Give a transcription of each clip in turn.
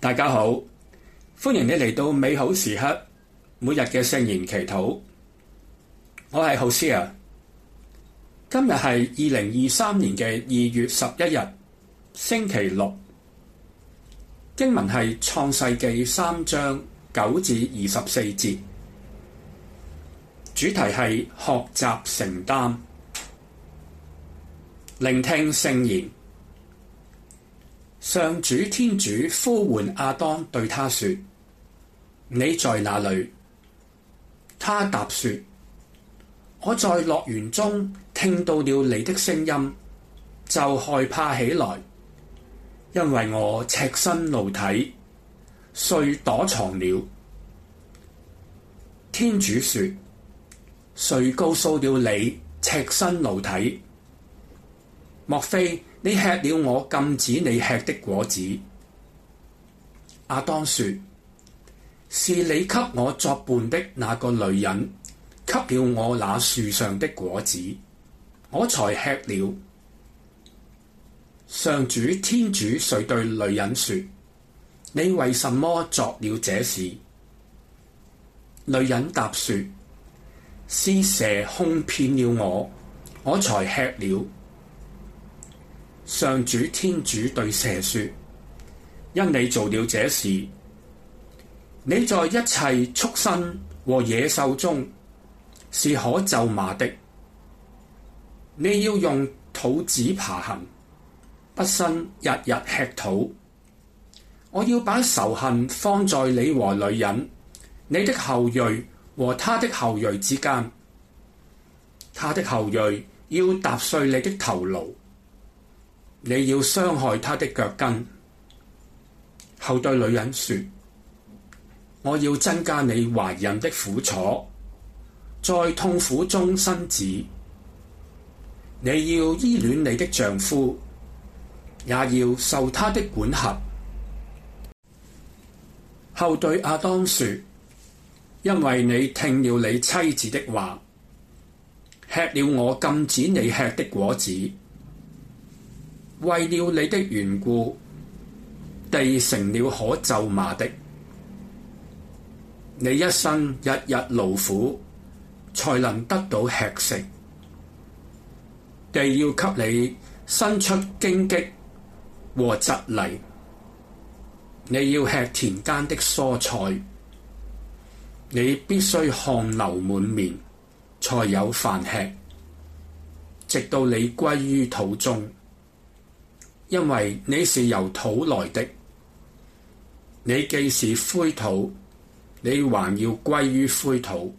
大家好，歡迎你嚟到美好時刻每日嘅聖言祈禱。我係浩斯啊，今日係二零二三年嘅二月十一日，星期六。經文係創世紀三章九至二十四節，主題係學習承擔，聆聽聖言。上主天主呼喚亞當，對他說：你在哪裏？他答說：我在樂園中聽到了你的聲音，就害怕起來，因為我赤身露體，遂躲藏了。天主說：誰告訴了你赤身露體？莫非？你吃了我禁止你吃的果子？亞當說：是你給我作伴的那個女人給了我那樹上的果子，我才吃了。上主天主遂對女人說：你為什麼作了這事？女人答説：是蛇哄騙了我，我才吃了。上主天主對蛇說：因你做了這事，你在一切畜牲和野獸中，是可咒罵的。你要用肚子爬行，畢生日日吃土。我要把仇恨放在你和女人，你的後裔和她的後裔之間，她的後裔要踏碎你的頭顱。你要傷害他的腳跟，後對女人說：我要增加你懷孕的苦楚，在痛苦中生子。你要依戀你的丈夫，也要受他的管轄。後對亞當說：因為你聽了你妻子的話，吃了我禁止你吃的果子。為了你的緣故，地成了可咒罵的。你一生日日勞苦，才能得到吃食。地要給你生出荊棘和蒺蔾。你要吃田間的蔬菜，你必須汗流滿面，才有飯吃，直到你歸於土中。因為你是由土來的，你既是灰土，你還要歸於灰土。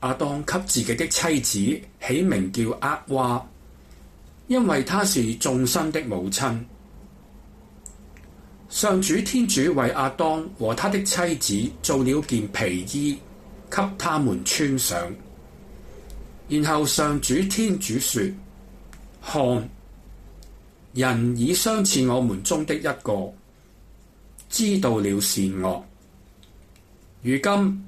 亞當給自己的妻子起名叫厄娃，因為她是眾生的母親。上主天主為亞當和他的妻子做了件皮衣，給他們穿上，然後上主天主說：看！人已相似我們中的一個，知道了善惡。如今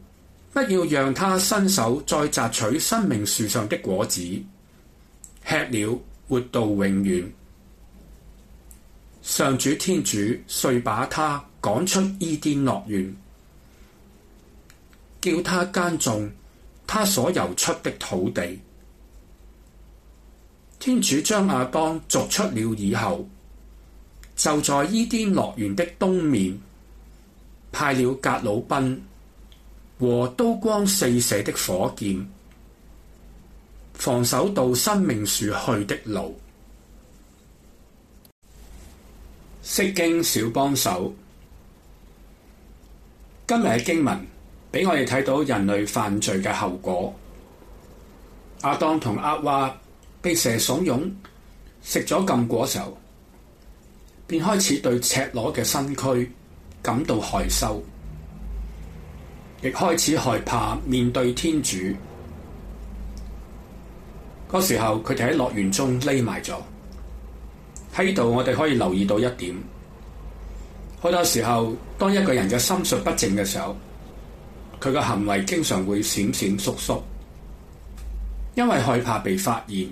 不要讓他伸手再摘取生命樹上的果子，吃了活到永遠。上主天主遂把他趕出伊甸樂園，叫他耕種他所由出的土地。天主將亞當逐出了以後，就在伊甸樂園的東面，派了革魯賓和刀光四射的火劍，防守到生命樹去的路。釋經小幫手，今日嘅經文俾我哋睇到人類犯罪嘅後果。亞當同厄娃，被蛇慫恿食咗禁果嘅時候，便開始對赤裸嘅身軀感到害羞，亦開始害怕面對天主。嗰、那個、時候，佢哋喺樂園中匿埋咗。喺度，我哋可以留意到一點：好多時候，當一個人嘅心術不正嘅時候，佢嘅行為經常會閃閃縮縮，因為害怕被發現。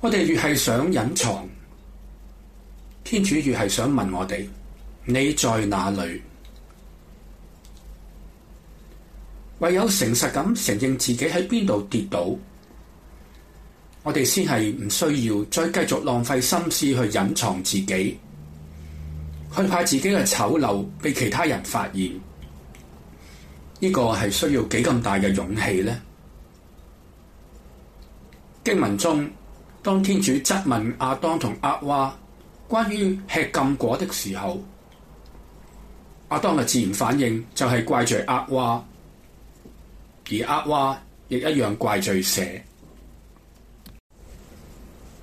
我哋越係想隱藏，天主越係想問我哋：你在哪裏？唯有誠實咁承認自己喺邊度跌倒，我哋先係唔需要再繼續浪費心思去隱藏自己，去怕自己嘅醜陋被其他人發現。呢個係需要幾咁大嘅勇氣呢？經文中，當天主質問亞當同厄娃關於吃禁果的時候，亞當嘅自然反應就係怪罪厄娃，而厄娃亦一樣怪罪蛇。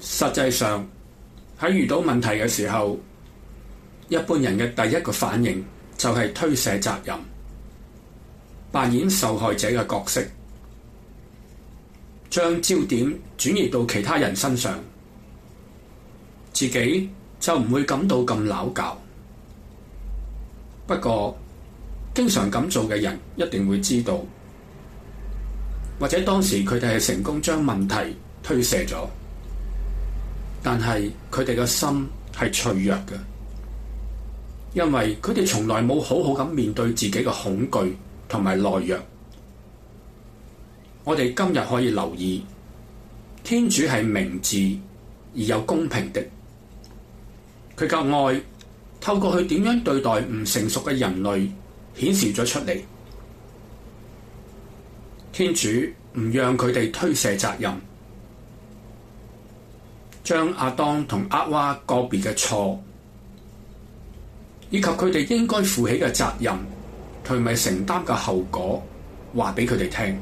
實際上，喺遇到問題嘅時候，一般人嘅第一個反應就係推卸責任，扮演受害者嘅角色。將焦點轉移到其他人身上，自己就唔會感到咁糟糕。不過，經常咁做嘅人一定會知道，或者當時佢哋係成功將問題推卸咗，但係佢哋嘅心係脆弱嘅，因為佢哋從來冇好好咁面對自己嘅恐懼同埋懦弱。我哋今日可以留意，天主係明智而有公平的，佢嘅愛透過佢點樣對待唔成熟嘅人類顯示咗出嚟。天主唔讓佢哋推卸責任，將亞當同厄娃個別嘅錯，以及佢哋應該負起嘅責任同埋承擔嘅後果，話俾佢哋聽。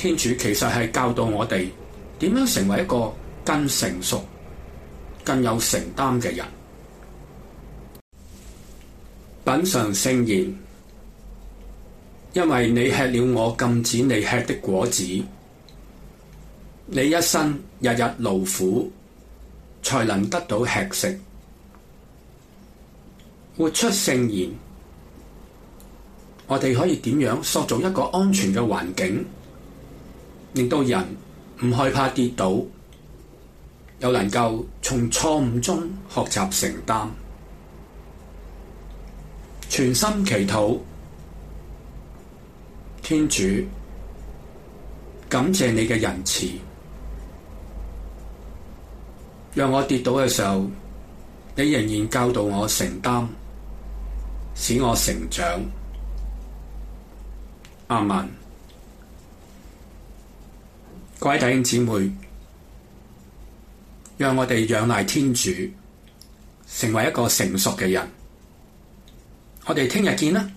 天主其實係教導我哋點樣成為一個更成熟、更有承擔嘅人。品嚐聖言，因為你吃了我禁止你吃的果子，你一生日日勞苦才能得到吃食。活出聖言，我哋可以點樣塑造一個安全嘅環境？令到人唔害怕跌倒，又能夠從錯誤中學習承擔。全心祈禱，天主，感謝你嘅仁慈，讓我跌倒嘅時候，你仍然教導我承擔，使我成長。阿門。各位弟兄姊妹，讓我哋仰賴天主，成為一個成熟嘅人。我哋聽日見啦！